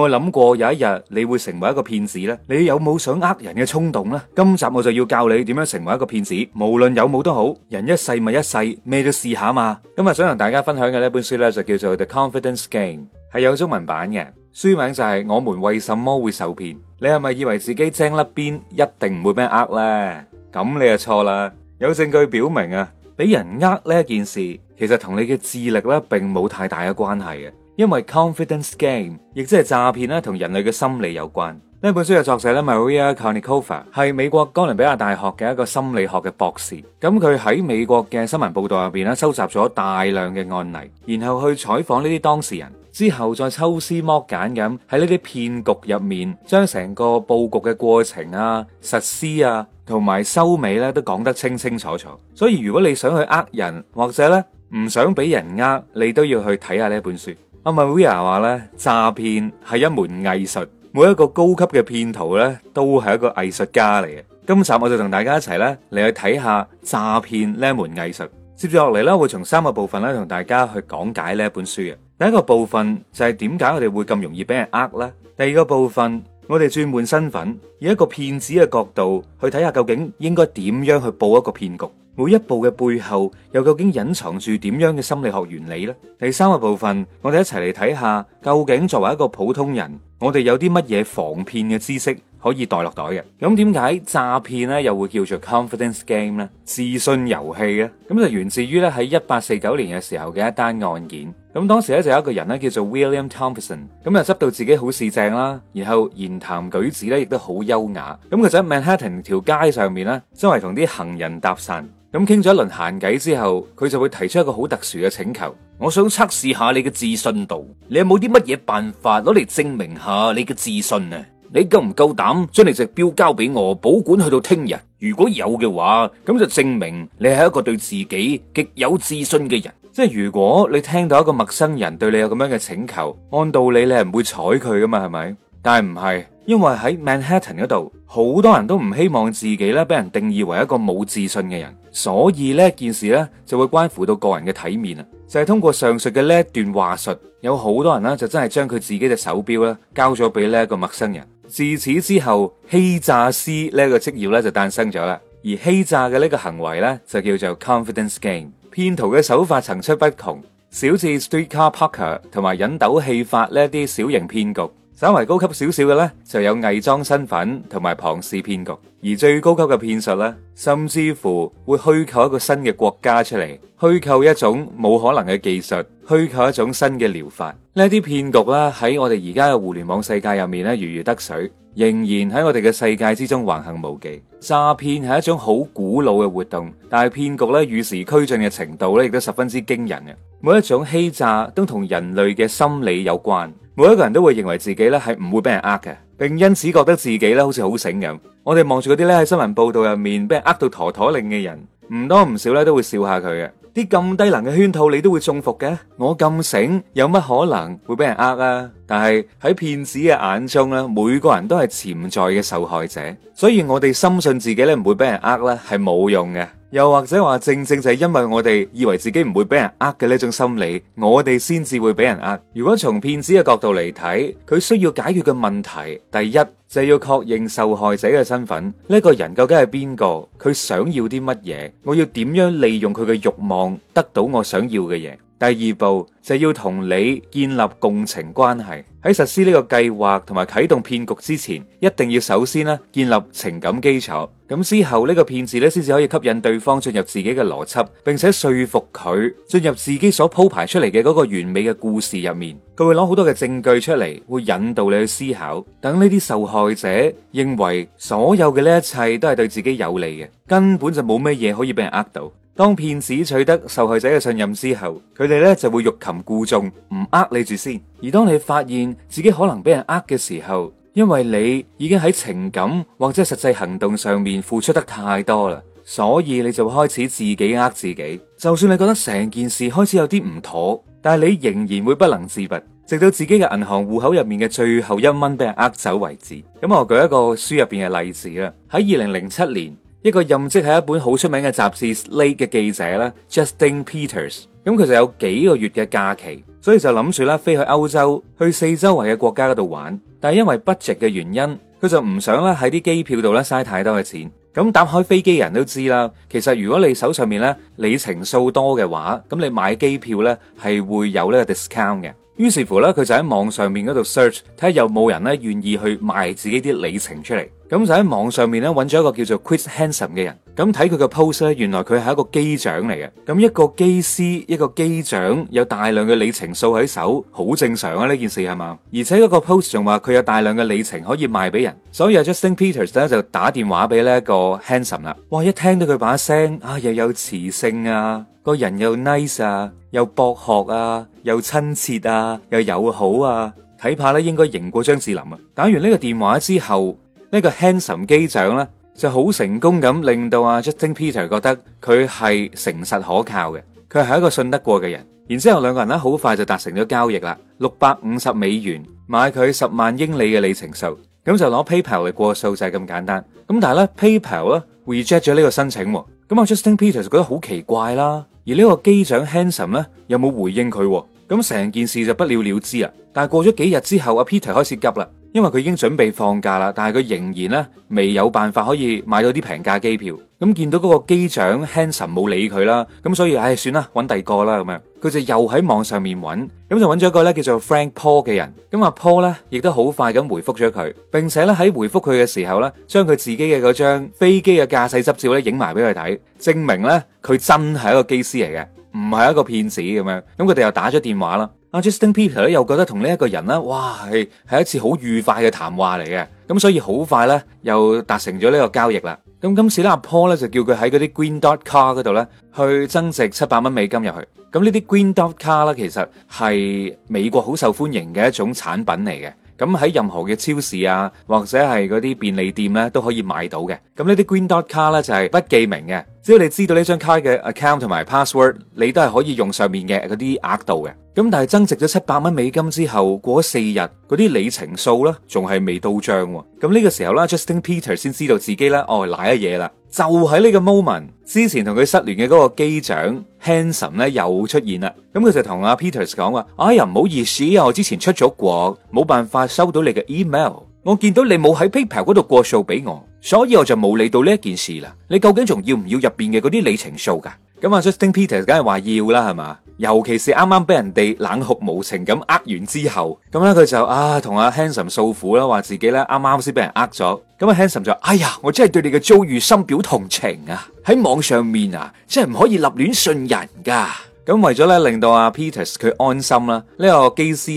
我諗過有一日你會成為一個騙子咧，你有冇想呃人嘅衝動咧？今集我就要教你點樣成為一個騙子，無論有冇都好。人一世物一世，咩都試下啊嘛。今日想同大家分享嘅呢本書咧就叫做《The Confidence Game》，係有中文版嘅，書名就係《我們為什麼會受騙》。你係咪以為自己精甩辮一定唔會俾人呃咧？咁你就錯啦！有證據表明啊，俾人呃呢一件事，其實同你嘅智力咧並冇太大嘅關係嘅。因為 confidence game，亦即係詐騙咧，同人類嘅心理有關。呢本書嘅作者咧，Maria Konnikova 係美國哥倫比亞大學嘅一個心理學嘅博士。咁佢喺美國嘅新聞報道入邊咧，收集咗大量嘅案例，然後去採訪呢啲當事人，之後再抽絲剝繭咁喺呢啲騙局入面，將成個布局嘅過程啊、實施啊同埋收尾咧，都講得清清楚楚。所以如果你想去呃人，或者咧唔想俾人呃，你都要去睇下呢本書。阿咪 Vier 話咧，詐騙係一門藝術，每一個高級嘅騙徒咧，都係一個藝術家嚟嘅。今集我就同大家一齊咧，嚟去睇下詐騙呢一門藝術。接住落嚟咧，會從三個部分咧，同大家去講解呢一本書嘅。第一個部分就係點解我哋會咁容易俾人呃咧。第二個部分。我哋轉換身份，以一個騙子嘅角度去睇下，究竟應該點樣去布一個騙局？每一步嘅背後又究竟隱藏住點樣嘅心理學原理呢？第三個部分，我哋一齊嚟睇下，究竟作為一個普通人，我哋有啲乜嘢防騙嘅知識可以袋落袋嘅？咁點解詐騙咧又會叫做 confidence game 咧？自信遊戲咧？咁就源自於咧喺一八四九年嘅時候嘅一單案件。咁當時咧就有一個人咧叫做 William Thompson，咁、嗯、又執到自己好市正啦，然後言談舉止咧亦都好優雅。咁、嗯、佢就喺 Manhattan 條街上面啦，周圍同啲行人搭訕。咁傾咗一輪閒偈之後，佢就會提出一個好特殊嘅請求： 我想測試下你嘅自信度，你有冇啲乜嘢辦法攞嚟證明下你嘅自信啊？你夠唔夠膽將你隻表交俾我保管去到聽日？如果有嘅話，咁就證明你係一個對自己極有自信嘅人。.即係如果你聽到一個陌生人對你有咁樣嘅請求，按道理你係唔會睬佢噶嘛，係咪？但係唔係，因為喺 Manhattan 嗰度好多人都唔希望自己咧俾人定義為一個冇自信嘅人，所以呢件事呢就會關乎到個人嘅體面啊！就係、是、通過上述嘅呢一段話術，有好多人呢就真係將佢自己嘅手表咧交咗俾呢一個陌生人。自此之後，欺詐師呢一個職業咧就誕生咗啦。而欺詐嘅呢個行為呢，就叫做 confidence game。騙徒嘅手法層出不窮，小至 Streetcar Parker 同埋引鬥戲法呢啲小型騙局，稍為高級少少嘅呢，就有偽裝身份同埋龐氏騙局，而最高級嘅騙術呢，甚至乎會虛構一個新嘅國家出嚟，虛構一種冇可能嘅技術，虛構一種新嘅療法。呢啲騙局咧喺我哋而家嘅互聯網世界入面咧如魚得水。仍然喺我哋嘅世界之中橫行無忌，詐騙係一種好古老嘅活動，但係騙局咧與時俱進嘅程度咧亦都十分之驚人嘅。每一種欺詐都同人類嘅心理有關，每一個人都會認為自己咧係唔會俾人呃嘅，並因此覺得自己咧好似好醒咁。我哋望住嗰啲咧喺新聞報道入面俾人呃到陀陀擰嘅人，唔多唔少咧都會笑下佢嘅。啲咁低能嘅圈套你都會中伏嘅。我咁醒有乜可能會俾人呃啊？但係喺騙子嘅眼中咧，每個人都係潛在嘅受害者，所以我哋深信自己咧唔會俾人呃啦，係冇用嘅。又或者話正正就係因為我哋以為自己唔會俾人呃嘅呢種心理，我哋先至會俾人呃。如果從騙子嘅角度嚟睇，佢需要解決嘅問題，第一就係要確認受害者嘅身份，呢個人究竟係邊個，佢想要啲乜嘢，我要點樣利用佢嘅慾望，得到我想要嘅嘢。第二步就係，要同你建立共情關係，喺實施呢個計劃同埋啟動騙局之前，一定要首先咧建立情感基礎，咁之後呢、呢個騙子咧先至可以吸引對方進入自己嘅邏輯，並且說服佢進入自己所鋪排出嚟嘅嗰個完美嘅故事入面。佢會攞好多嘅證據出嚟，會引導你去思考，等呢啲受害者認為所有嘅呢一切都係對自己有利嘅，根本就冇咩嘢可以俾人呃到。當騙子取得受害者嘅信任之後，佢哋咧就會欲擒故縱，唔呃你住先。而當你發現自己可能俾人呃嘅時候，因為你已經喺情感或者係實際行動上面付出得太多啦，所以你就開始自己呃自己。就算你覺得成件事開始有啲唔妥，但係你仍然會不能自拔，直到自己嘅銀行戶口入面嘅最後一蚊俾人呃走為止。咁、嗯、我舉一個書入邊嘅例子啦，喺二零零七年。一個任職喺一本好出名嘅雜誌《Slate》嘅記者咧，Justin Peters，咁佢就有幾個月嘅假期，所以就諗住咧飛去歐洲，去四周圍嘅國家嗰度玩。但係因為 budget 嘅原因，佢就唔想咧喺啲機票度咧嘥太多嘅錢。咁打開飛機人都知啦，其實如果你手上面咧里程數多嘅話，咁你買機票咧係會有呢個 discount 嘅。於是乎咧，佢就喺網上面嗰度 search 睇下有冇人咧願意去賣自己啲里程出嚟。咁就喺網上面咧，揾咗一個叫做 Chris Hanson 嘅人。咁睇佢嘅 post 咧，原來佢係一個機長嚟嘅。咁一個機師，一個機長有大量嘅里程數喺手，好正常啊，呢件事係嘛？而且嗰個 post 仲話佢有大量嘅里程可以賣俾人，所以啊 Justin Peters 咧就打電話俾呢一個 Hanson 啦。哇！一聽到佢把聲啊，又有磁性啊，個人又 nice 啊，又博學啊，又親切啊，又友好啊，睇怕咧應該贏過張智霖啊。打完呢個電話之後。呢個 Handsome 機長咧就好成功咁，令到阿、啊、Justin Peter 覺得佢係誠實可靠嘅，佢係一個信得過嘅人。然之後兩個人咧好快就達成咗交易啦，六百五十美元買佢十萬英里嘅里程數，咁就攞 PayPal 嚟過數就係咁簡單。咁但係咧 PayPal 咧 reject 咗呢個申請，咁、啊、阿 Justin Peter 就覺得好奇怪啦。而呢個機長 Handsome 咧有冇回應佢？咁、啊、成件事就不了了之啦。但係過咗幾日之後，阿、啊、Peter 開始急啦。因為佢已經準備放假啦，但係佢仍然咧未有辦法可以買到啲平價機票。咁見到嗰個機長 Hanson 冇理佢啦，咁所以唉、哎、算啦，揾第二個啦咁樣，佢就又喺網上面揾，咁就揾咗一個咧叫做 Frank Paul 嘅人。咁阿 Paul 咧亦都好快咁回覆咗佢，並且咧喺回覆佢嘅時候咧，將佢自己嘅嗰張飛機嘅駕駛執照咧影埋俾佢睇，證明呢，佢真係一個機師嚟嘅。唔係一個騙子咁樣，咁佢哋又打咗電話啦。Justin Peter 咧又覺得同呢一個人咧，哇，係係一次好愉快嘅談話嚟嘅，咁所以好快咧又達成咗呢個交易啦。咁今次咧、啊、阿 Paul 咧就叫佢喺嗰啲 Green Dot Car 嗰度咧去增值七百蚊美金入去。咁呢啲 Green Dot Car 啦其實係美國好受歡迎嘅一種產品嚟嘅。咁喺任何嘅超市啊或者係嗰啲便利店咧都可以買到嘅。咁呢啲 Green Dot Car 咧就係、是、不記名嘅。只要你知道呢張卡嘅 account 同埋 password，你都係可以用上面嘅嗰啲額度嘅。咁但係增值咗七百蚊美金之後，過咗四日，嗰啲里程數咧仲係未到帳喎。咁呢個時候啦，Justin Peter 先知道自己咧，哦，係賴咗嘢啦。就喺呢個 moment，之前同佢失聯嘅嗰個機長 Handsome 咧又出現啦。咁佢就同阿 Peter 講話，哎呀，唔好意思，我之前出咗國，冇辦法收到你嘅 email。我見到你冇喺 PayPal 嗰度過數俾我。所以我就冇理到呢一件事啦。你究竟仲要唔要入邊嘅嗰啲里程數噶？咁、嗯、啊，Justin Peters 梗係話要啦，係嘛？尤其是啱啱俾人哋冷酷無情咁呃完之後，咁咧佢就啊同阿 Hanson 訴苦啦，話自己咧啱啱先俾人呃咗。咁、嗯、阿 Hanson 就，哎呀，我真係對你嘅遭遇深表同情啊！喺網上面啊，真係唔可以立亂信人噶。咁、嗯、為咗咧令到阿、啊、Peters 佢安心啦，這個、機師呢個基斯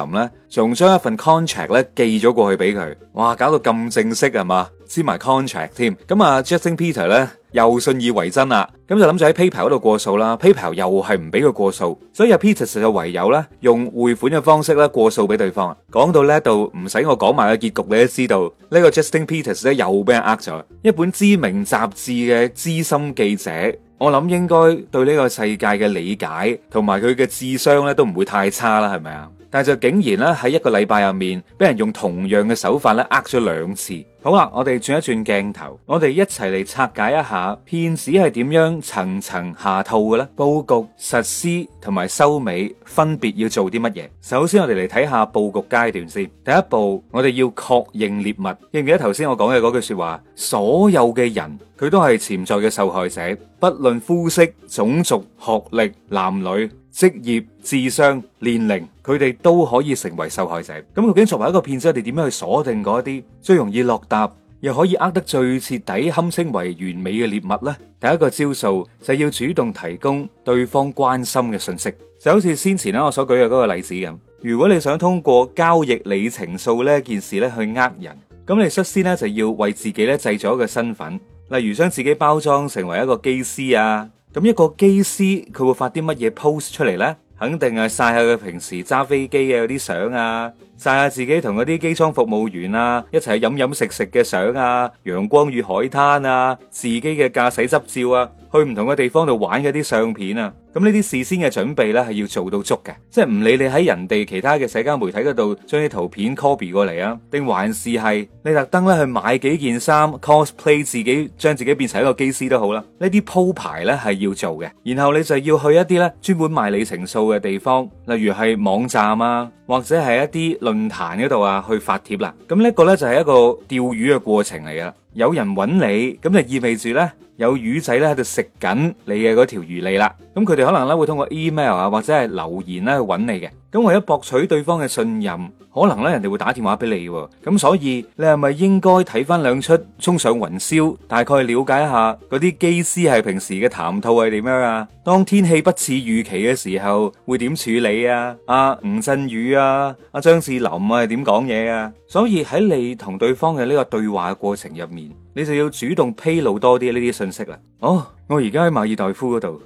Hanson 咧仲將一份 contract 咧寄咗過去俾佢，哇，搞到咁正式係嘛？簽埋 contract 添，咁啊 Justin Peter 呢又信以為真啦，咁就諗住喺 PayPal 嗰度過數啦，PayPal 又係唔俾佢過數，所以阿 Peter 實在唯有呢用匯款嘅方式呢過數俾對方。講到呢度唔使我講埋個結局，你都知道呢個 Justin Peters 呢又俾人呃咗。一本知名雜誌嘅資深記者，我諗應該對呢個世界嘅理解同埋佢嘅智商呢都唔會太差啦，係咪啊？但就竟然咧喺一個禮拜入面，俾人用同樣嘅手法咧呃咗兩次。好啦，我哋轉一轉鏡頭，我哋一齊嚟拆解一下騙子係點樣層層下套嘅咧？布局、實施同埋收尾分別要做啲乜嘢？首先，我哋嚟睇下布局階段先。第一步，我哋要確認獵物。記唔記得頭先我講嘅嗰句說話？所有嘅人佢都係潛在嘅受害者，不論膚色、種族、學歷、男女。職業、智商、年齡，佢哋都可以成為受害者。咁究竟作為一個騙子，我哋點樣去鎖定嗰一啲最容易落搭，又可以呃得最徹底、堪稱為完美嘅獵物咧？第一個招數就要主動提供對方關心嘅信息，就好似先前啦，我所舉嘅嗰個例子咁。如果你想通過交易里程數呢件事咧去呃人，咁你首先咧就要為自己咧制造一個身份，例如將自己包裝成為一個機師啊。咁一個機師，佢會發啲乜嘢 post 出嚟呢？肯定係晒下佢平時揸飛機嘅嗰啲相啊，晒下自己同嗰啲機艙服務員啊一齊去飲飲食食嘅相啊，陽光與海灘啊，自己嘅駕駛執照啊。去唔同嘅地方度玩嘅啲相片啊，咁呢啲事先嘅準備呢係要做到足嘅，即係唔理你喺人哋其他嘅社交媒體嗰度將啲圖片 copy 過嚟啊，定還是係你特登呢去買幾件衫 cosplay 自己，將自己變成一個機師都好啦，呢啲鋪排呢係要做嘅。然後你就要去一啲呢專門賣里程數嘅地方，例如係網站啊，或者係一啲論壇嗰度啊去發帖啦。咁呢個呢就係一個釣魚嘅過程嚟嘅。有人揾你，咁就意味住呢，有魚仔咧喺度食緊你嘅嗰條魚脷啦。咁佢哋可能咧會通過 email 啊或者係留言咧去揾你嘅。咁為咗博取對方嘅信任。可能咧，人哋會打電話俾你，咁所以你係咪應該睇翻兩出衝上雲霄，大概了解一下嗰啲機師係平時嘅談吐係點樣啊？當天氣不似預期嘅時候，會點處理啊？阿、啊、吳鎮宇啊，阿張智霖啊，係點講嘢啊？所以喺你同對方嘅呢個對話嘅過程入面，你就要主動披露多啲呢啲信息啦。哦，我而家喺馬爾代夫嗰度，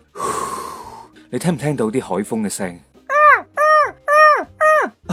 你聽唔聽到啲海風嘅聲？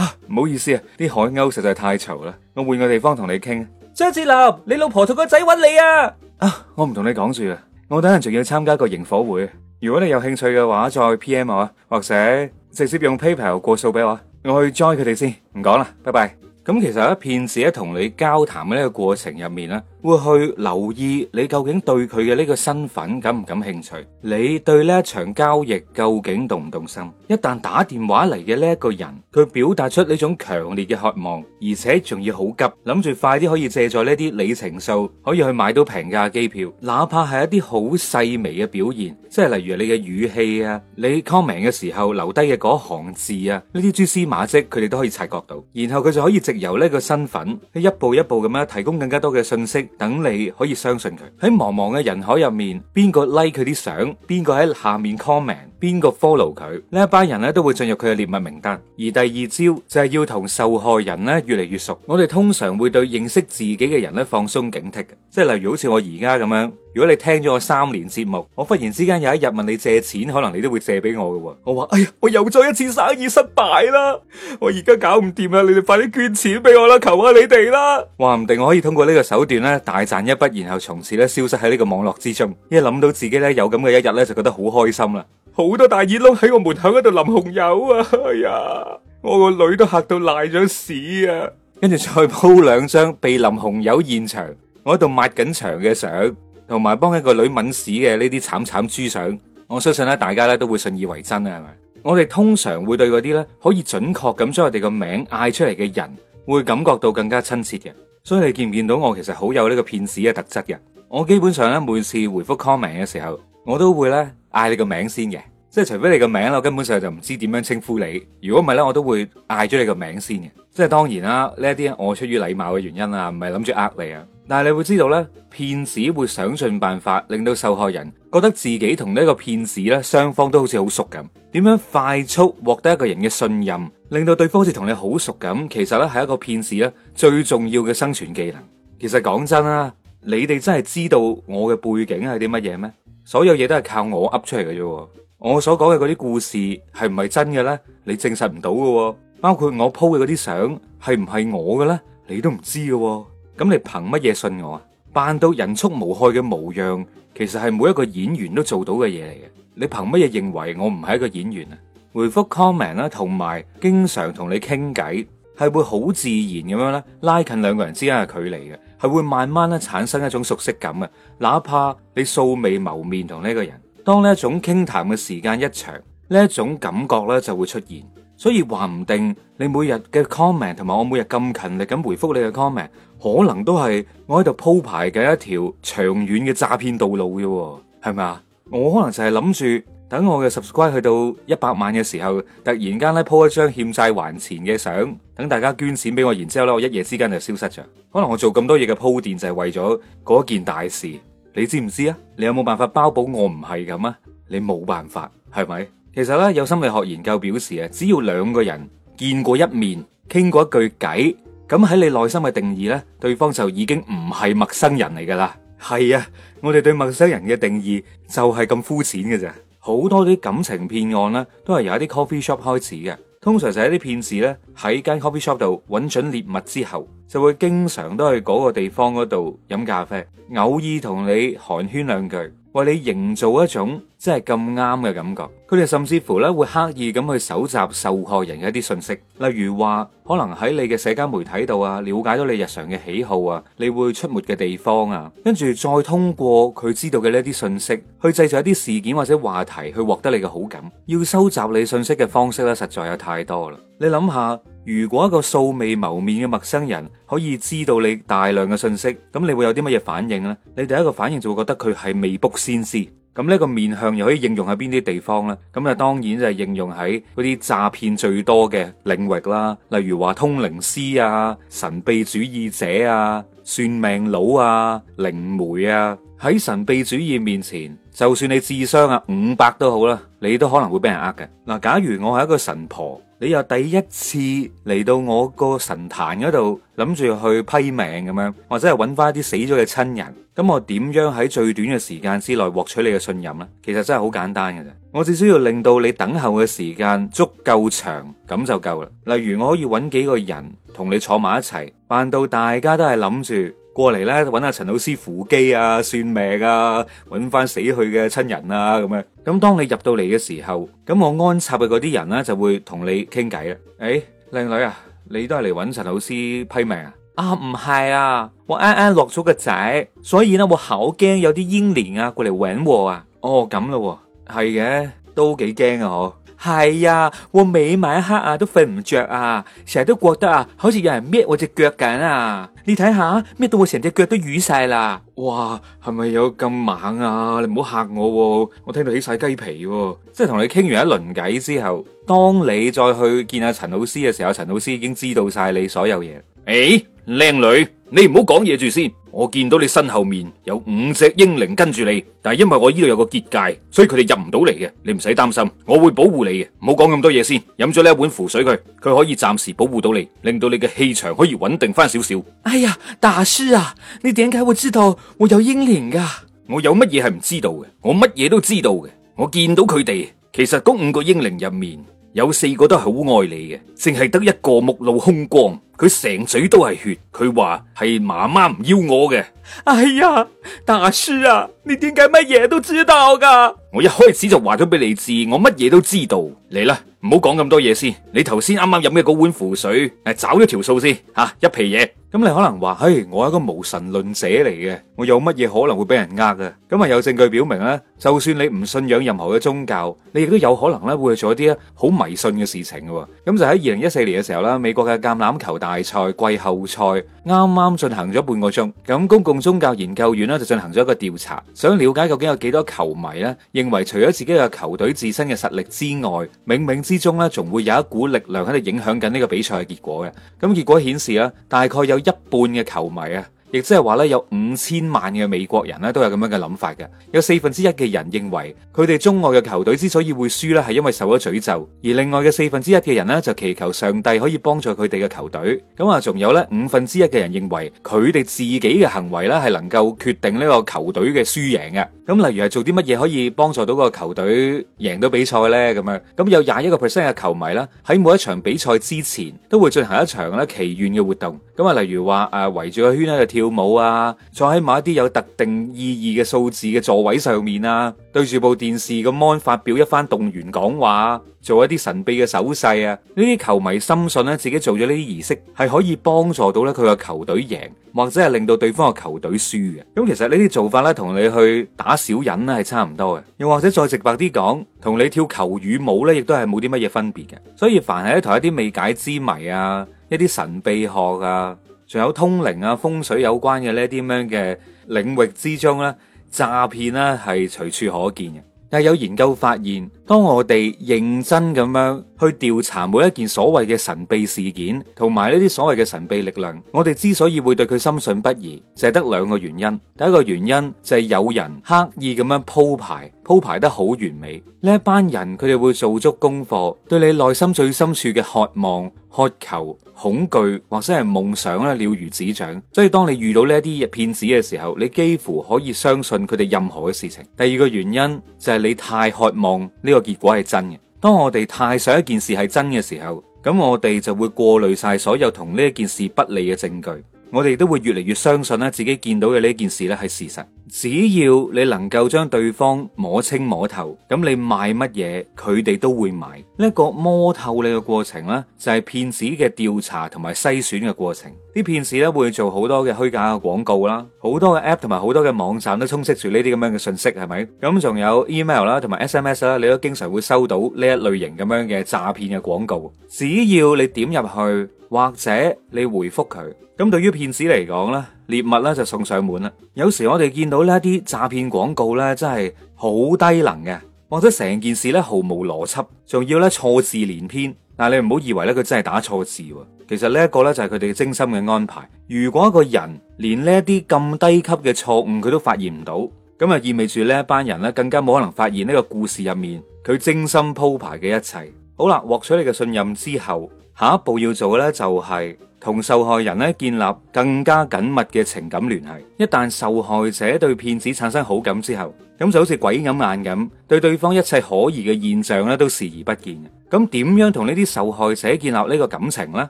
唔、啊、好意思啊，啲海鷗實在太嘈啦，我換個地方同你傾啊。張智霖，你老婆同個仔揾你啊！啊，我唔同你講住啦，我等陣仲要參加個營火會，如果你有興趣嘅話，再 PM 我啊，或者直接用 PayPal 過數俾我，我去 join 佢哋先。唔講啦，拜拜。咁、啊、其實喺騙子喺同你交談嘅呢個過程入面咧，會去留意你究竟對佢嘅呢個身份感唔感興趣？你對呢一場交易究竟動唔動心？一旦打電話嚟嘅呢一個人，佢表達出呢種強烈嘅渴望，而且仲要好急，諗住快啲可以借助呢啲里程數可以去買到平價機票，哪怕係一啲好細微嘅表現，即係例如你嘅語氣啊，你 comment 嘅時候留低嘅嗰行字啊，呢啲蛛絲馬跡，佢哋都可以察覺到，然後佢就可以藉由呢個身份，一步一步咁樣提供更加多嘅信息。等你可以相信佢喺茫茫嘅人海入面，邊個 like 佢啲相，邊個喺下面 comment，邊個 follow 佢？呢一班人咧都會進入佢嘅獵物名單。而第二招就係要同受害人咧越嚟越熟。我哋通常會對認識自己嘅人咧放鬆警惕，即係例如好似我而家咁樣。如果你聽咗我三年節目，我忽然之間有一日問你借錢，可能你都會借俾我嘅。我話：哎呀，我又再一次生意失敗啦！我而家搞唔掂啦，你哋快啲捐錢俾我啦，求下你哋啦！話唔定我可以通過呢個手段咧大賺一筆，然後從此咧消失喺呢個網絡之中。一諗到自己咧有咁嘅一日咧，就覺得好開心啦。好多大耳窿喺我門口嗰度淋紅油啊！哎呀，我個女都嚇到瀨咗屎啊！跟住再鋪兩張被淋紅油現場，我喺度抹緊牆嘅相，同埋幫一個女吻屎嘅呢啲慘慘豬相。我相信咧，大家咧都會信以為真啊！係咪？我哋通常會對嗰啲咧可以準確咁將我哋個名嗌出嚟嘅人，會感覺到更加親切嘅。所以你見唔見到我？其實好有呢個騙子嘅特質嘅。我基本上咧每次回復 comment 嘅時候，我都會咧嗌你個名先嘅。即係除非你個名，我根本上就唔知點樣稱呼你。如果唔係咧，我都會嗌咗你個名先嘅。即係當然啦，呢一啲我出於禮貌嘅原因啦，唔係諗住呃你啊。但係你會知道呢，騙子會想盡辦法令到受害人覺得自己同呢一個騙子呢，雙方都好似好熟咁。點樣快速獲得一個人嘅信任，令到對方好似同你好熟咁，其實呢係一個騙子呢最重要嘅生存技能。其實講真啦，你哋真係知道我嘅背景係啲乜嘢咩？所有嘢都係靠我噏出嚟嘅啫。我所講嘅嗰啲故事係唔係真嘅呢？你證實唔到嘅，包括我 po 嘅嗰啲相係唔係我嘅呢？你都唔知嘅哦。咁你憑乜嘢信我啊？扮到人畜無害嘅模樣，其實係每一個演員都做到嘅嘢嚟嘅。你憑乜嘢認為我唔係一個演員啊？回復 comment 啦，同埋經常同你傾偈，係會好自然咁樣咧，拉近兩個人之間嘅距離嘅，係會慢慢咧產生一種熟悉感嘅。哪怕你素未謀面同呢個人。當呢一種傾談嘅時間一長，呢一種感覺咧就會出現，所以話唔定你每日嘅 comment 同埋我每日咁勤力咁回覆你嘅 comment，可能都係我喺度鋪排嘅一條長遠嘅詐騙道路啫，係咪啊？我可能就係諗住等我嘅 subscribe 去到一百萬嘅時候，突然間咧鋪一張欠債還錢嘅相，等大家捐錢俾我，然之後咧我一夜之間就消失咗，可能我做咁多嘢嘅鋪墊就係為咗嗰件大事。你知唔知啊？你有冇辦法包保我唔係咁啊？你冇辦法，係咪？其實呢，有心理學研究表示啊，只要兩個人見過一面，傾過一句偈，咁喺你內心嘅定義呢，對方就已經唔係陌生人嚟噶啦。係啊，我哋對陌生人嘅定義就係咁膚淺嘅啫。好多啲感情騙案呢，都係由一啲 coffee shop 開始嘅。通常就係一啲騙子咧，喺間 coffee shop 度揾準獵物之後，就會經常都去嗰個地方嗰度飲咖啡，偶爾同你寒暄兩句，為你營造一種，即係咁啱嘅感覺，佢哋甚至乎呢會刻意咁去蒐集受害人嘅一啲信息，例如話可能喺你嘅社交媒體度啊，了解到你日常嘅喜好啊，你會出沒嘅地方啊，跟住再通過佢知道嘅呢啲信息，去製造一啲事件或者話題，去獲得你嘅好感。要收集你信息嘅方式呢，實在有太多啦。你諗下，如果一個素未謀面嘅陌生人可以知道你大量嘅信息，咁你會有啲乜嘢反應呢？你第一個反應就會覺得佢係未卜先知。咁呢個面向又可以應用喺邊啲地方呢？咁啊，當然就係應用喺嗰啲詐騙最多嘅領域啦，例如話通靈師啊、神秘主義者啊、算命佬啊、靈媒啊，喺神秘主義面前。就算你智商啊五百都好啦，你都可能會俾人呃嘅。嗱，假如我係一個神婆，你又第一次嚟到我個神壇嗰度，諗住去批命咁樣，或者係揾翻啲死咗嘅親人，咁我點樣喺最短嘅時間之內獲取你嘅信任呢？其實真係好簡單嘅啫，我只需要令到你等候嘅時間足夠長，咁就夠啦。例如我可以揾幾個人同你坐埋一齊，扮到大家都係諗住。過嚟咧，搵阿陳老師扶乩啊，算命啊，搵翻死去嘅親人啊，咁樣。咁當你入到嚟嘅時候，咁我安插嘅嗰啲人咧，就會同你傾偈啦。誒、欸，靚女啊，你都係嚟搵陳老師批命啊？啊，唔係啊，我啱啱落咗個仔，所以咧我好驚有啲英年啊過嚟搵我啊。哦，咁咯、啊，係嘅，都幾驚啊。嗬。係呀、啊，我每晚黑啊都瞓唔着啊，成日都覺得啊，好似有人搣我隻腳緊啊！你睇下，搣到我成隻腳都瘀晒啦！哇，係咪有咁猛啊？你唔好嚇我、啊，我聽到起晒雞皮、啊。即係同你傾完一輪偈之後，當你再去見阿陳老師嘅時候，陳老師已經知道晒你所有嘢。誒、哎，靚女，你唔好講嘢住先。我見到你身後面有五隻英靈跟住你，但係因為我依度有個結界，所以佢哋入唔到嚟嘅。你唔使擔心，我會保護你嘅。唔好講咁多嘢先，飲咗呢一碗符水佢，佢可以暫時保護到你，令到你嘅氣場可以穩定翻少少。哎呀，大師啊，你點解會知道我有英靈噶、啊？我有乜嘢係唔知道嘅？我乜嘢都知道嘅。我見到佢哋，其實嗰五個英靈入面，有四個都係好愛你嘅，淨係得一個目露凶光，佢成嘴都係血，佢話係媽媽唔要我嘅。哎呀，大師啊，你點解乜嘢都知道噶？我一開始就話咗俾你知，我乜嘢都知道。嚟啦，唔好講咁多嘢先。你頭先啱啱飲嘅嗰碗符水，誒，找咗條數先吓，一皮嘢。咁你可能話，嘿，我係一個無神論者嚟嘅，我有乜嘢可能會俾人呃嘅？咁啊，有證據表明咧，就算你唔信仰任何嘅宗教，你亦都有可能咧，會做一啲咧好迷信嘅事情嘅。咁就喺二零一四年嘅時候啦，美國嘅橄欖球大賽季後賽啱啱進行咗半個鐘，咁公共宗教研究院咧就進行咗一個調查，想了解究竟有幾多球迷咧認為，除咗自己嘅球隊自身嘅實力之外，冥冥之中咧仲會有一股力量喺度影響緊呢個比賽嘅結果嘅。咁結果顯示咧，大概有一半嘅球迷啊！亦即係話咧，有五千萬嘅美國人咧都有咁樣嘅諗法嘅。有四分之一嘅人認為佢哋中外嘅球隊之所以會輸咧，係因為受咗詛咒；而另外嘅四分之一嘅人呢，就祈求上帝可以幫助佢哋嘅球隊。咁啊，仲有咧五分之一嘅人認為佢哋自己嘅行為咧係能夠決定呢個球隊嘅輸贏嘅。咁例如係做啲乜嘢可以幫助到個球隊贏到比賽呢？咁樣咁有廿一個 percent 嘅球迷啦，喺每一場比賽之前都會進行一場咧祈願嘅活動。咁啊，例如話誒圍住個圈咧就跳。跳舞啊，坐喺某一啲有特定意義嘅數字嘅座位上面啊，對住部電視個 mon 發表一番動員講話，啊，做一啲神秘嘅手勢啊，呢啲球迷深信咧，自己做咗呢啲儀式係可以幫助到咧佢個球隊贏，或者係令到對方個球隊輸嘅。咁其實呢啲做法咧，同你去打小人咧係差唔多嘅，又或者再直白啲講，同你跳求雨舞咧，亦都係冇啲乜嘢分別嘅。所以凡係同一啲未解之謎啊，一啲神秘學啊。仲有通靈啊、風水有關嘅呢啲咁樣嘅領域之中咧，詐騙咧係隨處可見嘅。但係有研究發現，當我哋認真咁樣去調查每一件所謂嘅神秘事件，同埋呢啲所謂嘅神秘力量，我哋之所以會對佢深信不疑，就係得兩個原因。第一個原因就係有人刻意咁樣鋪排，鋪排得好完美。呢一班人佢哋會做足功課，對你內心最深處嘅渴望，渴求、恐懼或者係夢想咧，了如指掌。所以當你遇到呢一啲騙子嘅時候，你幾乎可以相信佢哋任何嘅事情。第二個原因就係、是、你太渴望呢個結果係真嘅。當我哋太想一件事係真嘅時候，咁我哋就會過濾晒所有同呢一件事不利嘅證據，我哋都會越嚟越相信咧自己見到嘅呢件事咧係事實。只要你能夠將對方摸清摸透，咁你賣乜嘢佢哋都會買。呢一個摸透你嘅過程咧，就係騙子嘅調查同埋篩選嘅過程。啲騙子咧會做好多嘅虛假嘅廣告啦，好多嘅 app 同埋好多嘅網站都充斥住呢啲咁樣嘅信息，係咪？咁仲有 email 啦，同埋 sms 啦，你都經常會收到呢一類型咁樣嘅詐騙嘅廣告。只要你點入去或者你回覆佢，咁對於騙子嚟講咧。獵物咧就送上門啦。有時我哋見到呢啲詐騙廣告呢，真係好低能嘅，或者成件事呢毫無邏輯，仲要呢錯字連篇。但係你唔好以為呢，佢真係打錯字，其實呢一個呢，就係佢哋嘅精心嘅安排。如果一個人連呢一啲咁低級嘅錯誤佢都發現唔到，咁啊意味住呢一班人呢更加冇可能發現呢個故事入面佢精心鋪排嘅一切。好啦，獲取你嘅信任之後，下一步要做嘅呢、就係，就係。同受害人咧建立更加緊密嘅情感聯繫。一旦受害者對騙子產生好感之後，咁就好似鬼咁眼咁，對對方一切可疑嘅現象咧都視而不見嘅。咁點樣同呢啲受害者建立呢個感情呢？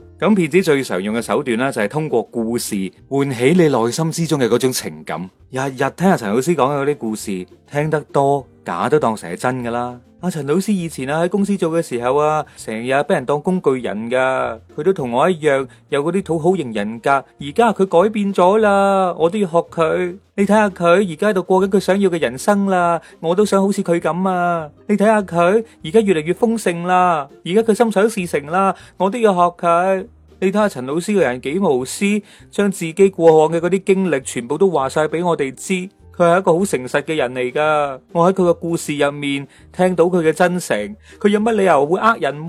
咁騙子最常用嘅手段咧就係通過故事喚起你內心之中嘅嗰種情感。日日聽阿陳老師講嘅嗰啲故事，聽得多，假都當成係真噶啦。阿陳老師以前啊喺公司做嘅時候啊，成日俾人當工具人噶，佢都同我一樣有嗰啲討好型人格。而家佢改變咗啦，我都要學佢。你睇下佢而家喺度過緊佢想要嘅人生啦，我都想好似佢咁啊。你睇下佢而家越嚟越豐盛啦，而家佢心想事成啦，我都要學佢。你睇下陳老師個人幾無私，將自己過往嘅嗰啲經歷全部都話晒俾我哋知。佢係一個好誠實嘅人嚟噶，我喺佢嘅故事入面聽到佢嘅真誠，佢有乜理由會呃人？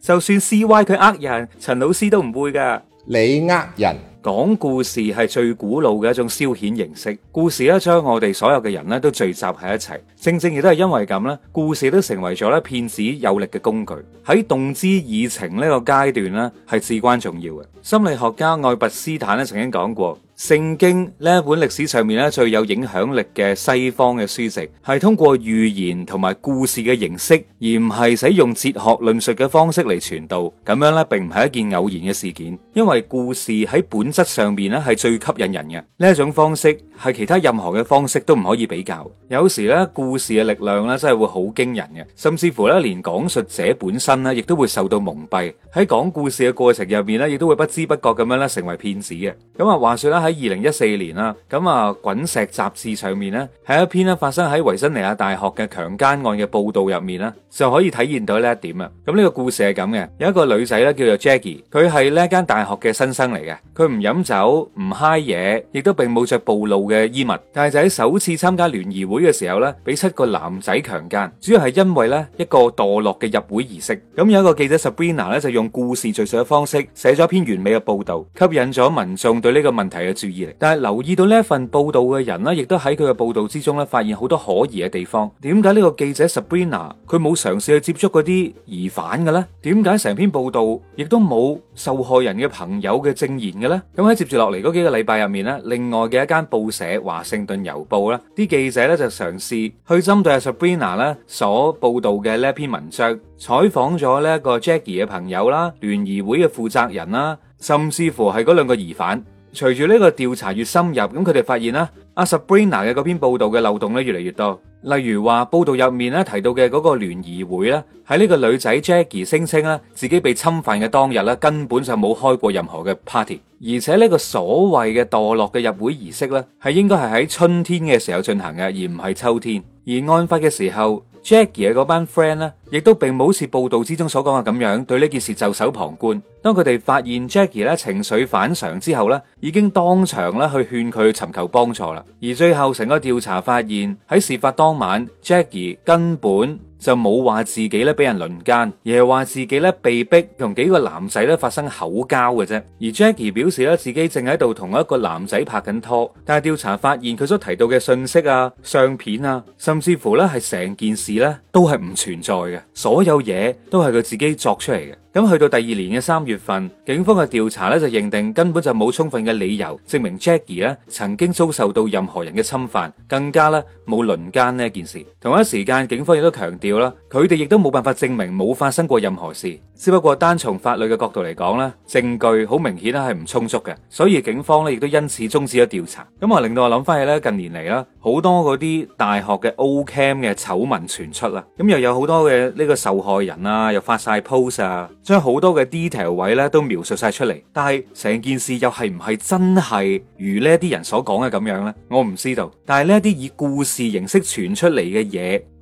就算 CY 佢呃人，陳老師都唔會噶。你呃人，講故事係最古老嘅一種消遣形式，故事咧將我哋所有嘅人咧都聚集喺一齊，正正亦都係因為咁咧，故事都成為咗咧騙子有力嘅工具。喺動之以情呢個階段咧，係至關重要嘅。心理學家愛拔斯坦咧曾經講過。聖經呢一本歷史上面咧最有影響力嘅西方嘅書籍，係通過預言同埋故事嘅形式，而唔係使用哲學論述嘅方式嚟傳道。咁樣咧，並唔係一件偶然嘅事件，因為故事喺本質上面咧係最吸引人嘅。呢一種方式係其他任何嘅方式都唔可以比較。有時咧，故事嘅力量咧真係會好驚人嘅，甚至乎咧，連講述者本身咧亦都會受到蒙蔽。喺講故事嘅過程入面咧，亦都會不知不覺咁樣咧成為騙子嘅。咁啊，話說啦喺。二零一四年啦，咁啊《滾石》雜誌上面咧，係一篇咧發生喺維新尼亞大學嘅強姦案嘅報道入面啦，就可以體現到呢一點啊。咁呢個故事係咁嘅，有一個女仔咧叫做 Jackie，佢係呢一間大學嘅新生嚟嘅，佢唔飲酒，唔 high 嘢，亦都並冇着暴露嘅衣物，但係就喺首次參加聯誼會嘅時候咧，俾七個男仔強姦，主要係因為咧一個墮落嘅入會儀式。咁有一個記者 Sabrina 咧就用故事敘述嘅方式寫咗一篇完美嘅報道，吸引咗民眾對呢個問題嘅注意力，但係留意到呢一份報道嘅人呢，亦都喺佢嘅報道之中呢，發現好多可疑嘅地方。點解呢個記者 Sabrina 佢冇嘗試去接觸嗰啲疑犯嘅咧？點解成篇報道亦都冇受害人嘅朋友嘅證言嘅咧？咁、嗯、喺接住落嚟嗰幾個禮拜入面呢，另外嘅一間報社《華盛頓郵報》啦，啲記者呢，就嘗試去針對阿 Sabrina 呢所報道嘅呢一篇文章，採訪咗呢一個 Jackie 嘅朋友啦、聯誼會嘅負責人啦，甚至乎係嗰兩個疑犯。隨住呢個調查越深入，咁佢哋發現啦，阿、啊、Sabrina 嘅嗰篇報道嘅漏洞咧越嚟越多。例如話報道入面咧提到嘅嗰個聯誼會咧，喺呢個女仔 Jackie 聲稱啦自己被侵犯嘅當日咧，根本就冇開過任何嘅 party，而且呢個所謂嘅墮落嘅入會儀式咧係應該係喺春天嘅時候進行嘅，而唔係秋天。而案發嘅時候，Jackie 嘅嗰班 friend 咧亦都並冇好似報道之中所講嘅咁樣對呢件事袖手旁觀。.當佢哋發現 Jackie 咧情緒反常之後咧，已經當場咧去勸佢尋求幫助啦。而最後成個調查發現，喺事發當晚，Jackie 根本就冇話自己咧俾人輪奸，而係話自己咧被逼同幾個男仔咧發生口交嘅啫。而 Jackie 表示咧自己正喺度同一個男仔拍緊拖，但係調查發現佢所提到嘅信息啊、相片啊，甚至乎咧係成件事咧都係唔存在嘅，所有嘢都係佢自己作出嚟嘅。咁去到第二年嘅三月份，警方嘅調查咧就認定根本就冇充分嘅理由證明 Jackie 咧曾經遭受到任何人嘅侵犯，更加咧冇輪姦呢件事。同一時間，警方亦都強調啦，佢哋亦都冇辦法證明冇發生過任何事，只不過單從法律嘅角度嚟講咧，證據好明顯啦係唔充足嘅，所以警方咧亦都因此終止咗調查。咁啊，令到我諗翻起咧近年嚟啦。好多嗰啲大學嘅 O Camp 嘅醜聞傳出啦、啊，咁又有好多嘅呢個受害人啊，又發晒 post 啊，將好多嘅 detail 位呢都描述晒出嚟。但係成件事又係唔係真係如呢啲人所講嘅咁樣呢？我唔知道。但係呢啲以故事形式傳出嚟嘅嘢，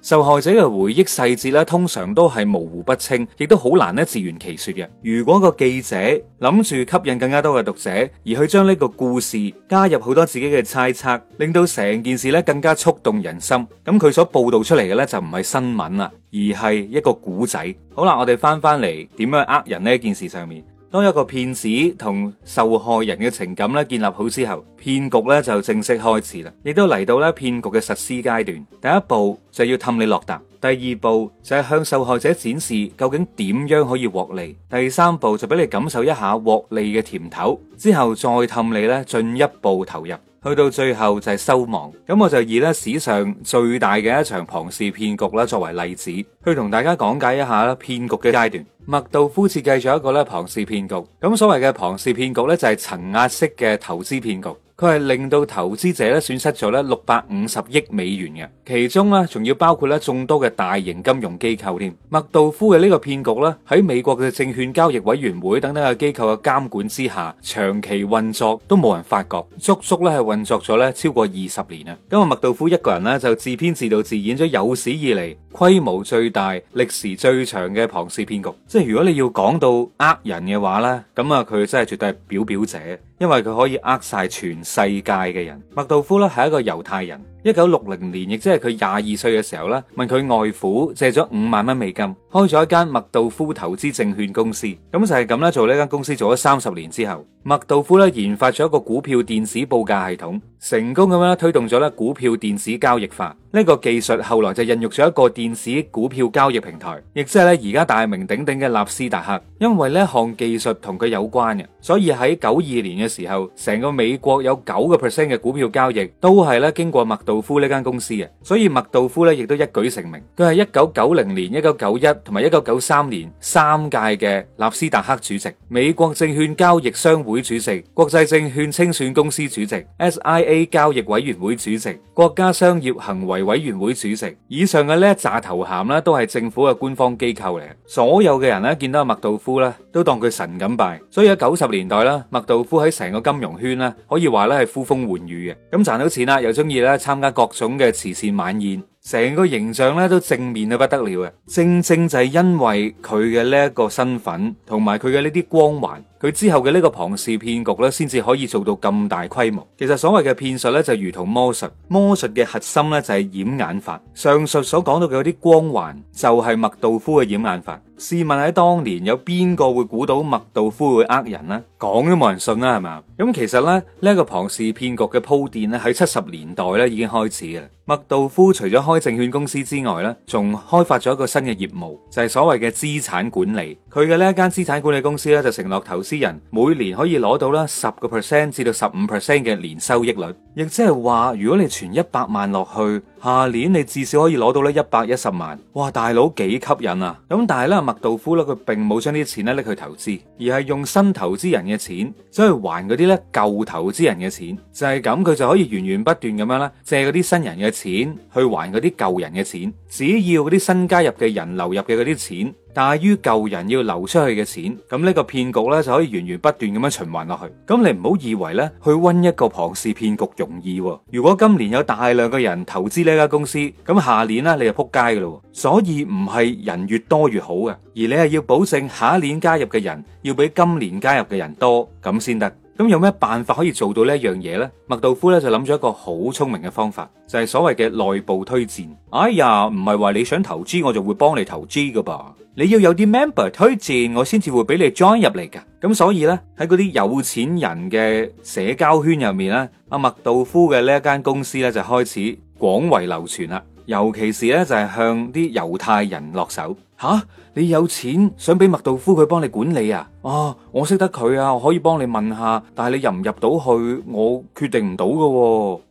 受害者嘅回憶細節咧，通常都係模糊不清，亦都好難咧自圓其說嘅。如果個記者諗住吸引更加多嘅讀者，而去將呢個故事加入好多自己嘅猜測，令到成件事咧更加觸動人心，咁佢所報道出嚟嘅咧就唔係新聞啦，而係一個古仔。好啦，我哋翻翻嚟點樣呃人呢件事上面。當一個騙子同受害人嘅情感咧建立好之後，騙局咧就正式開始啦，亦都嚟到咧騙局嘅實施階段。第一步就要氹你落疊，第二步就係向受害者展示究竟點樣可以獲利，第三步就俾你感受一下獲利嘅甜頭，之後再氹你咧進一步投入。去到最後就係收網，咁我就以咧史上最大嘅一場龐氏騙局啦作為例子，去同大家講解一下咧騙局嘅階段。麥道夫設計咗一個咧龐氏騙局，咁所謂嘅龐氏騙局呢就係層壓式嘅投資騙局。佢係令到投資者咧損失咗咧六百五十億美元嘅，其中咧仲要包括咧眾多嘅大型金融機構添。麥道夫嘅呢個騙局咧喺美國嘅證券交易委員會等等嘅機構嘅監管之下，長期運作都冇人發覺，足足咧係運作咗咧超過二十年啊！咁啊，麥道夫一個人咧就自編自導自演咗有史以嚟規模最大、歷時最長嘅龐氏騙局。即係如果你要講到呃人嘅話咧，咁啊，佢真係絕對係表表者。因為佢可以呃晒全世界嘅人，麥道夫咧，係一個猶太人。一九六零年，亦即係佢廿二歲嘅時候啦，問佢外父借咗五萬蚊美金，開咗一間麥道夫投資證券公司。咁就係咁啦，做呢間公司做咗三十年之後，麥道夫咧研發咗一個股票電子報價系統，成功咁樣推動咗咧股票電子交易化。呢個技術後來就孕育咗一個電子股票交易平台，亦即係咧而家大名鼎鼎嘅納斯達克，因為呢一項技術同佢有關嘅，所以喺九二年嘅時候，成個美國有九個 percent 嘅股票交易都係咧經過麥。道夫呢間公司嘅，所以麥道夫咧亦都一舉成名。佢係一九九零年、一九九一同埋一九九三年三屆嘅納斯達克主席、美國證券交易商會主席、國際證券清算公司主席、SIA 交易委員會主席、國家商業行為委員會主席。以上嘅呢一紮頭銜咧，都係政府嘅官方機構嚟。所有嘅人咧見到麥道夫咧，都當佢神咁拜。所以喺九十年代咧，麥道夫喺成個金融圈咧，可以話咧係呼風喚雨嘅。咁賺到錢啦，又中意咧參。參加各種嘅慈善晚宴，成個形象咧都正面到不得了嘅。正正就係因為佢嘅呢一個身份同埋佢嘅呢啲光環。佢之後嘅呢個龐氏騙局咧，先至可以做到咁大規模。其實所謂嘅騙術咧，就如同魔術，魔術嘅核心咧就係掩眼法。上述所講到嘅嗰啲光環，就係麥道夫嘅掩眼法。試問喺當年有邊個會估到麥道夫會呃人呢？講都冇人信啦，係嘛？咁其實咧，呢一個龐氏騙局嘅鋪墊咧，喺七十年代咧已經開始嘅。麥道夫除咗開證券公司之外咧，仲開發咗一個新嘅業務，就係所謂嘅資產管理。佢嘅呢一間資產管理公司咧，就承諾投資。私人每年可以攞到咧十個 percent 至到十五 percent 嘅年收益率，亦即係話，如果你存一百萬落去。下年你至少可以攞到呢一百一十萬，哇！大佬幾吸引啊！咁但係咧，麥道夫咧佢並冇將啲錢咧拎去投資，而係用新投資人嘅錢，走去還嗰啲咧舊投資人嘅錢，就係咁佢就可以源源不斷咁樣啦，借嗰啲新人嘅錢去還嗰啲舊人嘅錢，只要嗰啲新加入嘅人流入嘅嗰啲錢大於舊人要流出去嘅錢，咁呢個騙局咧就可以源源不斷咁樣循環落去。咁你唔好以為咧去揾一個龐氏騙局容易啊，如果今年有大量嘅人投資。呢間公司咁下年呢，你就扑街噶咯，所以唔係人越多越好嘅，而你係要保證下一年加入嘅人要比今年加入嘅人多咁先得。咁有咩辦法可以做到呢一樣嘢呢？麥道夫咧就諗咗一個好聰明嘅方法，就係所謂嘅內部推薦。哎呀，唔係話你想投資我就會幫你投資噶噃。你要有啲 member 推薦我先至會俾你 join 入嚟噶。咁所以呢，喺嗰啲有錢人嘅社交圈入面呢，阿麥道夫嘅呢一間公司呢，就開始。廣為流傳啦，尤其是咧就係向啲猶太人落手。吓、啊，你有錢想俾麥道夫佢幫你管理啊？哦，我識得佢啊，我可以幫你問下，但係你入唔入到去，我決定唔到噶。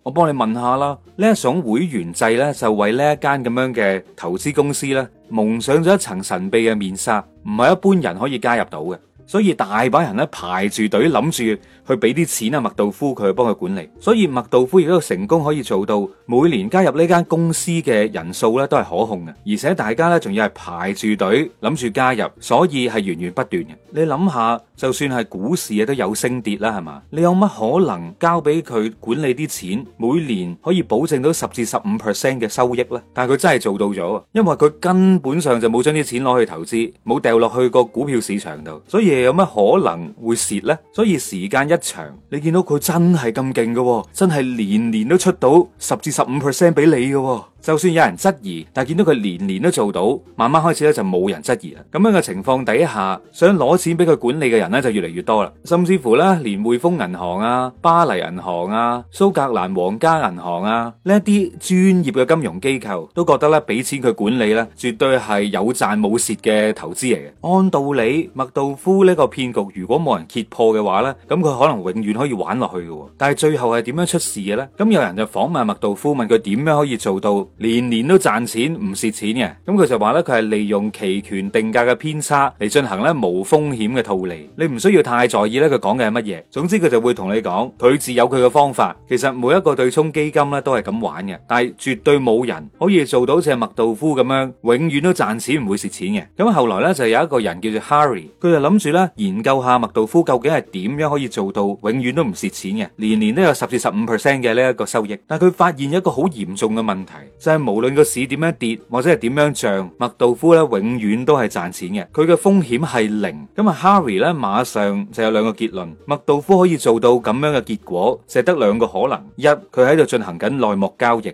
我幫你問下啦。呢一種會員制呢，就為呢一間咁樣嘅投資公司呢，蒙上咗一層神秘嘅面紗，唔係一般人可以加入到嘅。所以大把人咧排住隊諗住去俾啲錢啊，麥道夫佢去幫佢管理。所以麥道夫亦都成功可以做到，每年加入呢間公司嘅人數咧都係可控嘅，而且大家咧仲要係排住隊諗住加入，所以係源源不斷嘅。你諗下，就算係股市都有升跌啦，係嘛？你有乜可能交俾佢管理啲錢，每年可以保證到十至十五 percent 嘅收益呢？但係佢真係做到咗，因為佢根本上就冇將啲錢攞去投資，冇掉落去個股票市場度，所以。有乜可能會蝕咧？所以時間一長，你見到佢真係咁勁嘅，真係年年都出到十至十五 percent 俾你嘅。就算有人質疑，但係見到佢年年都做到，慢慢開始咧就冇人質疑啦。咁樣嘅情況底下，想攞錢俾佢管理嘅人咧就越嚟越多啦。甚至乎咧，連匯豐銀行啊、巴黎銀行啊、蘇格蘭皇家銀行啊呢一啲專業嘅金融機構都覺得咧，俾錢佢管理咧，絕對係有賺冇蝕嘅投資嚟嘅。按道理，麥道夫呢個騙局如果冇人揭破嘅話咧，咁佢可能永遠可以玩落去嘅。但係最後係點樣出事嘅咧？咁有人就訪問麥道夫，問佢點樣可以做到？年年都賺錢唔蝕錢嘅，咁佢就話呢佢係利用期權定價嘅偏差嚟進行呢無風險嘅套利，你唔需要太在意呢佢講嘅係乜嘢。總之佢就會同你講，佢自有佢嘅方法。其實每一個對沖基金呢都係咁玩嘅，但係絕對冇人可以做到好似麥道夫咁樣永遠都賺錢唔會蝕錢嘅。咁後來呢，就有一個人叫做 Harry，佢就諗住呢研究下麥道夫究竟係點樣可以做到永遠都唔蝕錢嘅，年年都有十至十五 percent 嘅呢一個收益。但佢發現一個好嚴重嘅問題。就係無論個市點樣跌或者係點樣漲，麥道夫咧永遠都係賺錢嘅，佢嘅風險係零。咁啊，Harry 咧馬上就有兩個結論：麥道夫可以做到咁樣嘅結果，就係得兩個可能，一佢喺度進行緊內幕交易，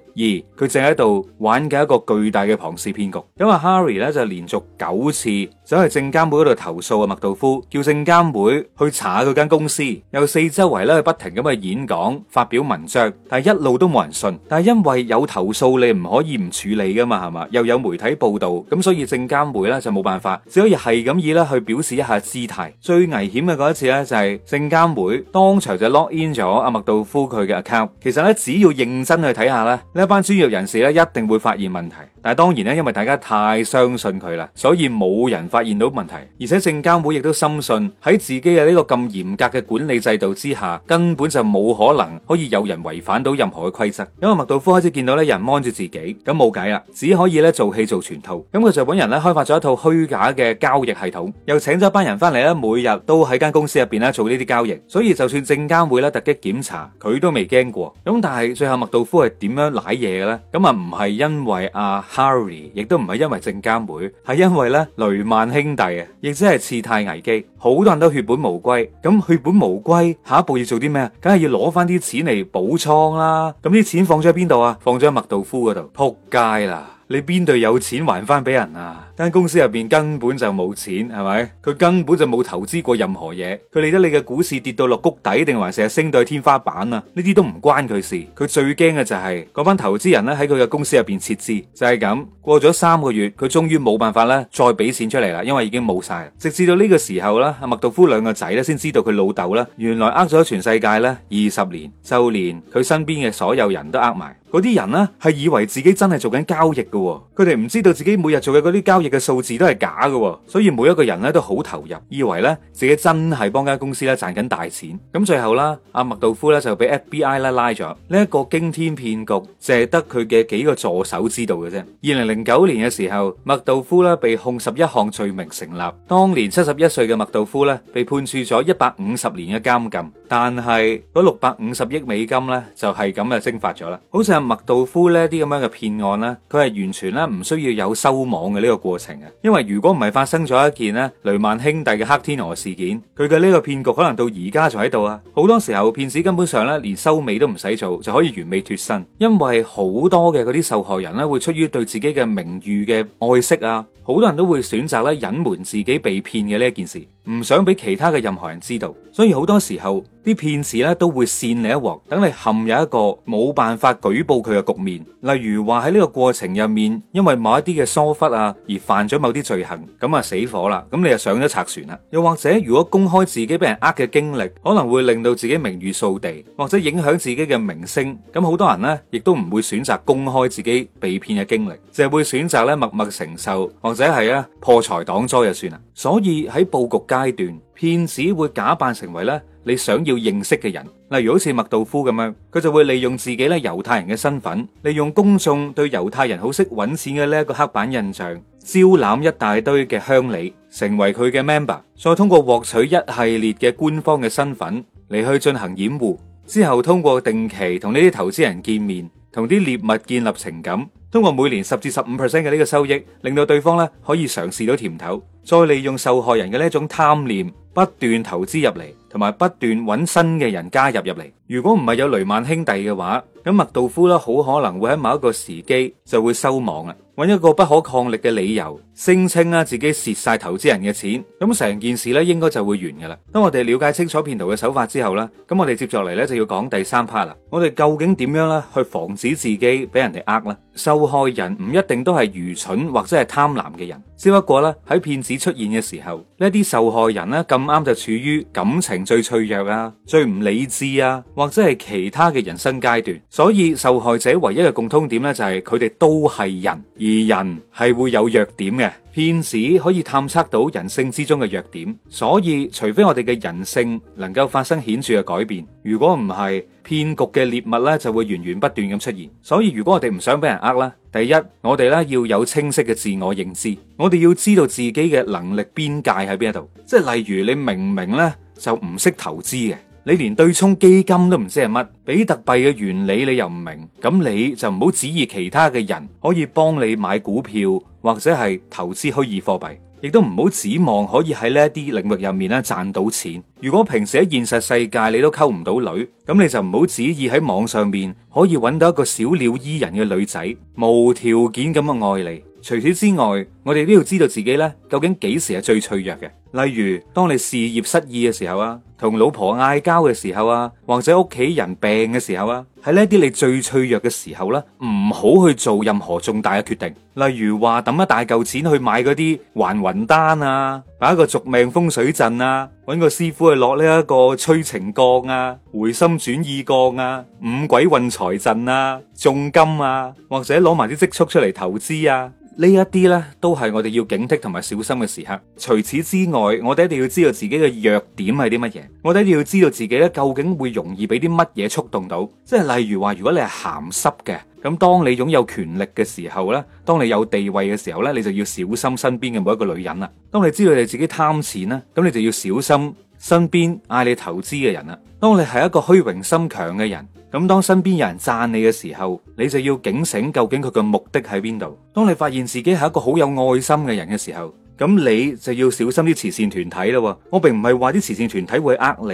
二佢正喺度玩緊一個巨大嘅龐氏騙局。咁啊，Harry 咧就連續九次。走去證監會嗰度投訴阿麥道夫叫證監會去查佢間公司，又四周圍咧去不停咁去演講、發表文章，但係一路都冇人信。但係因為有投訴，你唔可以唔處理噶嘛，係嘛？又有媒體報道，咁所以證監會咧就冇辦法，只可以係咁以咧去表示一下姿態。最危險嘅嗰一次咧就係證監會當場就 lock in 咗阿麥道夫佢嘅 account。其實咧只要認真去睇下咧，呢一班專業人士咧一定會發現問題。但係當然咧，因為大家太相信佢啦，所以冇人。發現到問題，而且證監會亦都深信喺自己嘅呢個咁嚴格嘅管理制度之下，根本就冇可能可以有人違反到任何嘅規則。因為麥道夫開始見到咧人望住自己，咁冇計啦，只可以咧做戲做全套。咁佢就揾人咧開發咗一套虛假嘅交易系統，又請咗一班人翻嚟咧，每日都喺間公司入邊咧做呢啲交易。所以就算證監會咧突擊檢查，佢都未驚過。咁但係最後麥道夫係點樣賴嘢嘅咧？咁啊，唔係因為阿 Harry，亦都唔係因為證監會，係因為咧雷曼。兄弟啊，亦即係次貸危機，好多人都血本無歸。咁血本無歸，下一步要做啲咩啊？梗係要攞翻啲錢嚟補倉啦。咁啲錢放咗喺邊度啊？放咗喺麥道夫嗰度，扑街啦！你邊度有錢還翻俾人啊？間公司入邊根本就冇錢，係咪？佢根本就冇投資過任何嘢，佢理得你嘅股市跌到落谷底，定還是成日升到天花板啊？呢啲都唔關佢事。佢最驚嘅就係嗰班投資人咧，喺佢嘅公司入邊撤資，就係、是、咁。過咗三個月，佢終於冇辦法咧，再俾錢出嚟啦，因為已經冇晒。直至到呢個時候啦，阿麥道夫兩個仔咧，先知道佢老豆咧，原來呃咗全世界咧二十年，就連佢身邊嘅所有人都呃埋。嗰啲人呢，係以為自己真係做緊交易嘅、哦，佢哋唔知道自己每日做嘅嗰啲交易。嘅數字都係假嘅，所以每一個人咧都好投入，以為咧自己真係幫間公司咧賺緊大錢。咁最後啦，阿麥道夫咧就俾 FBI 咧拉咗。呢一個驚天騙局，淨係得佢嘅幾個助手知道嘅啫。二零零九年嘅時候，麥道夫咧被控十一項罪名成立。當年七十一歲嘅麥道夫咧被判處咗一百五十年嘅監禁，但係嗰六百五十億美金咧就係咁啊蒸發咗啦。好似阿麥道夫咧啲咁樣嘅騙案咧，佢係完全咧唔需要有收網嘅呢個過。過程啊，因為如果唔係發生咗一件咧雷曼兄弟嘅黑天鵝事件，佢嘅呢個騙局可能到而家仲喺度啊！好多時候騙子根本上咧連收尾都唔使做，就可以完美脫身，因為好多嘅嗰啲受害人咧會出於對自己嘅名譽嘅愛惜啊，好多人都會選擇咧隱瞞自己被騙嘅呢一件事。唔想俾其他嘅任何人知道，所以好多時候啲騙子咧都會扇你一鑊，等你陷入一個冇辦法舉報佢嘅局面。例如話喺呢個過程入面，因為某一啲嘅疏忽啊，而犯咗某啲罪行，咁啊死火啦，咁你就上咗賊船啦。又或者如果公開自己俾人呃嘅經歷，可能會令到自己名譽掃地，或者影響自己嘅名聲。咁好多人咧，亦都唔會選擇公開自己被騙嘅經歷，就會選擇咧默默承受，或者係啊破財擋災就算啦。所以喺布局階段，騙子會假扮成為咧你想要認識嘅人，例如好似麥道夫咁樣，佢就會利用自己咧猶太人嘅身份，利用公眾對猶太人好識揾錢嘅呢一個刻板印象，招攬一大堆嘅鄉里，成為佢嘅 member，再通過獲取一系列嘅官方嘅身份嚟去進行掩護，之後通過定期同呢啲投資人見面，同啲獵物建立情感。通過每年十至十五 percent 嘅呢個收益，令到對方咧可以嘗試到甜頭，再利用受害人嘅呢一種貪念，不斷投資入嚟，同埋不斷揾新嘅人加入入嚟。如果唔係有雷曼兄弟嘅話，咁麥道夫咧，好可能會喺某一個時機就會收網啦，揾一個不可抗力嘅理由。聲稱啦，自己蝕晒，投資人嘅錢，咁成件事咧應該就會完噶啦。當我哋了解清楚騙徒嘅手法之後咧，咁我哋接住嚟咧就要講第三 part 啦。我哋究竟點樣咧去防止自己俾人哋呃咧？受害人唔一定都係愚蠢或者係貪婪嘅人，只不過咧喺騙子出現嘅時候，呢啲受害人咧咁啱就處於感情最脆弱啊、最唔理智啊，或者係其他嘅人生階段。所以受害者唯一嘅共通點咧就係佢哋都係人，而人係會有弱點嘅。騙子可以探測到人性之中嘅弱點，所以除非我哋嘅人性能夠發生顯著嘅改變，如果唔係，騙局嘅獵物咧就會源源不斷咁出現。所以如果我哋唔想俾人呃啦，第一我哋咧要有清晰嘅自我認知，我哋要知道自己嘅能力邊界喺邊一度，即係例如你明明咧就唔識投資嘅。你連對沖基金都唔知係乜，比特幣嘅原理你又唔明，咁你就唔好指意其他嘅人可以幫你買股票或者係投資虛擬貨幣，亦都唔好指望可以喺呢一啲領域入面咧賺到錢。如果平時喺現實世界你都溝唔到女，咁你就唔好指意喺網上面可以揾到一個小鳥依人嘅女仔，無條件咁嘅愛你。除此之外，我哋都要知道自己呢究竟幾時係最脆弱嘅，例如當你事業失意嘅時候啊。同老婆嗌交嘅時候啊，或者屋企人病嘅時候啊，喺呢啲你最脆弱嘅時候呢，唔好去做任何重大嘅決定，例如話抌一大嚿錢去買嗰啲還魂丹啊，擺一個續命風水陣啊，揾個師傅去落呢一個催情降啊，回心轉意降啊，五鬼運財陣啊，重金啊，或者攞埋啲積蓄出嚟投資啊。呢一啲呢都係我哋要警惕同埋小心嘅時刻。除此之外，我哋一定要知道自己嘅弱點係啲乜嘢，我哋一定要知道自己呢，究竟會容易俾啲乜嘢觸動到。即係例如話，如果你係鹹濕嘅，咁當你擁有權力嘅時候呢，當你有地位嘅時候呢，你就要小心身邊嘅每一個女人啦。當你知道你自己貪錢啦，咁你就要小心身邊嗌你投資嘅人啦。當你係一個虛榮心強嘅人。咁當身邊有人讚你嘅時候，你就要警醒，究竟佢嘅目的喺邊度？當你發現自己係一個好有愛心嘅人嘅時候。咁你就要小心啲慈善團體啦。我並唔係話啲慈善團體會呃你，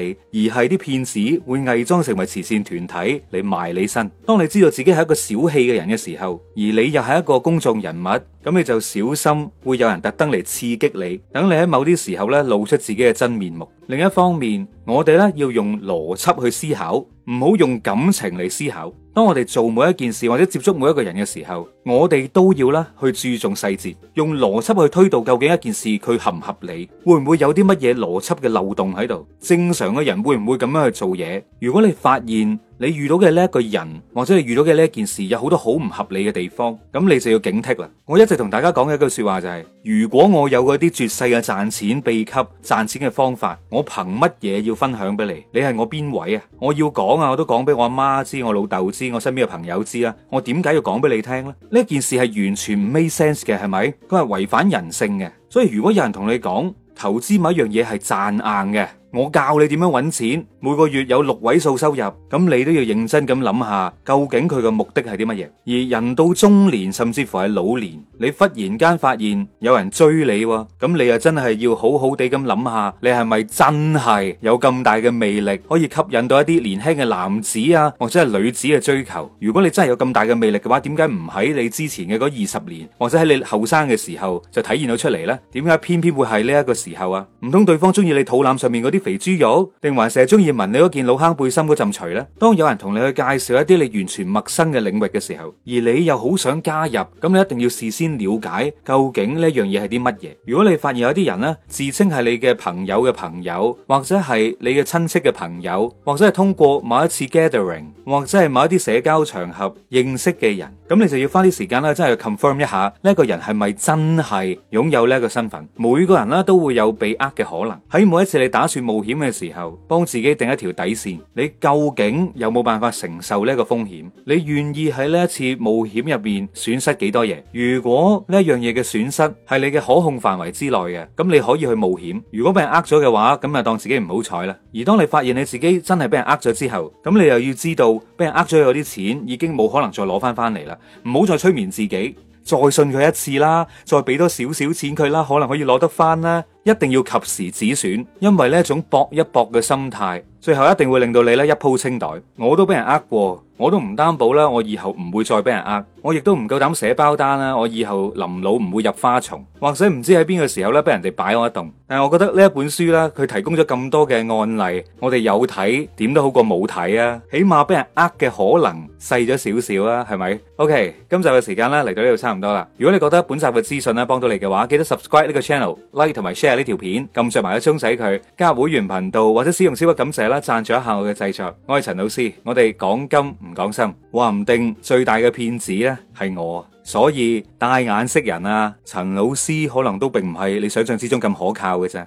而係啲騙子會偽裝成為慈善團體嚟埋你身。當你知道自己係一個小氣嘅人嘅時候，而你又係一個公眾人物，咁你就小心會有人特登嚟刺激你，等你喺某啲時候咧露出自己嘅真面目。另一方面，我哋咧要用邏輯去思考，唔好用感情嚟思考。當我哋做每一件事或者接觸每一個人嘅時候。我哋都要啦，去注重細節，用邏輯去推導究竟一件事佢合唔合理，會唔會有啲乜嘢邏輯嘅漏洞喺度？正常嘅人會唔會咁樣去做嘢？如果你發現你遇到嘅呢一個人或者你遇到嘅呢一件事有好多好唔合理嘅地方，咁你就要警惕啦。我一直同大家講嘅一句說話就係：如果我有嗰啲絕世嘅賺錢秘笈賺錢嘅方法，我憑乜嘢要分享俾你？你係我邊位啊？我要講啊，我都講俾我阿媽知、我老豆知、我身邊嘅朋友知啊，我點解要講俾你聽咧？一件事係完全唔 make sense 嘅，係咪？佢係違反人性嘅，所以如果有人同你講投資某一樣嘢係賺硬嘅。我教你點樣揾錢，每個月有六位數收入，咁你都要認真咁諗下，究竟佢嘅目的係啲乜嘢？而人到中年甚至乎係老年，你忽然間發現有人追你，咁你又真係要好好地咁諗下，你係咪真係有咁大嘅魅力，可以吸引到一啲年輕嘅男子啊或者係女子嘅追求？如果你真係有咁大嘅魅力嘅話，點解唔喺你之前嘅嗰二十年，或者喺你後生嘅時候就體現到出嚟呢？點解偏偏會係呢一個時候啊？唔通對方中意你肚腩上面嗰啲肥豬肉，定還是係中意聞你嗰件老坑背心嗰陣除呢？當有人同你去介紹一啲你完全陌生嘅領域嘅時候，而你又好想加入，咁你一定要事先了解究竟呢樣嘢係啲乜嘢。如果你發現有啲人呢，自稱係你嘅朋友嘅朋友，或者係你嘅親戚嘅朋友，或者係通過某一次 gathering，或者係某一啲社交場合認識嘅人，咁你就要花啲時間呢，真係去 confirm 一下呢個人係咪真係擁有呢個身份。每個人呢，都會有被呃嘅可能，喺每一次你打算。冒險嘅時候，幫自己定一條底線。你究竟有冇辦法承受呢一個風險？你願意喺呢一次冒險入面損失幾多嘢？如果呢一樣嘢嘅損失係你嘅可控範圍之內嘅，咁你可以去冒險。如果俾人呃咗嘅話，咁啊當自己唔好彩啦。而當你發現你自己真係俾人呃咗之後，咁你又要知道俾人呃咗有啲錢已經冇可能再攞翻翻嚟啦。唔好再催眠自己。再信佢一次啦，再俾多少少錢佢啦，可能可以攞得翻啦。一定要及時止損，因為呢一種搏一搏嘅心態，最後一定會令到你咧一鋪清袋。我都俾人呃過，我都唔擔保啦，我以後唔會再俾人呃。我亦都唔夠膽寫包單啦，我以後臨老唔會入花叢，或者唔知喺邊個時候呢，俾人哋擺我一動。但係我覺得呢一本書呢，佢提供咗咁多嘅案例，我哋有睇點都好過冇睇啊，起碼俾人呃嘅可能細咗少少啊，係咪？OK，今集嘅時間呢，嚟到呢度差唔多啦。如果你覺得本集嘅資訊呢幫到你嘅話，記得 subscribe 呢個 channel，like 同埋 share 呢條片，撳著埋個鐘仔佢，加入會員頻道或者使用小筆感謝啦，贊助一下我嘅製作。我係陳老師，我哋講金唔講心，話唔定最大嘅騙子呢。係我，所以戴眼識人啊！陳老師可能都並唔係你想象之中咁可靠嘅啫。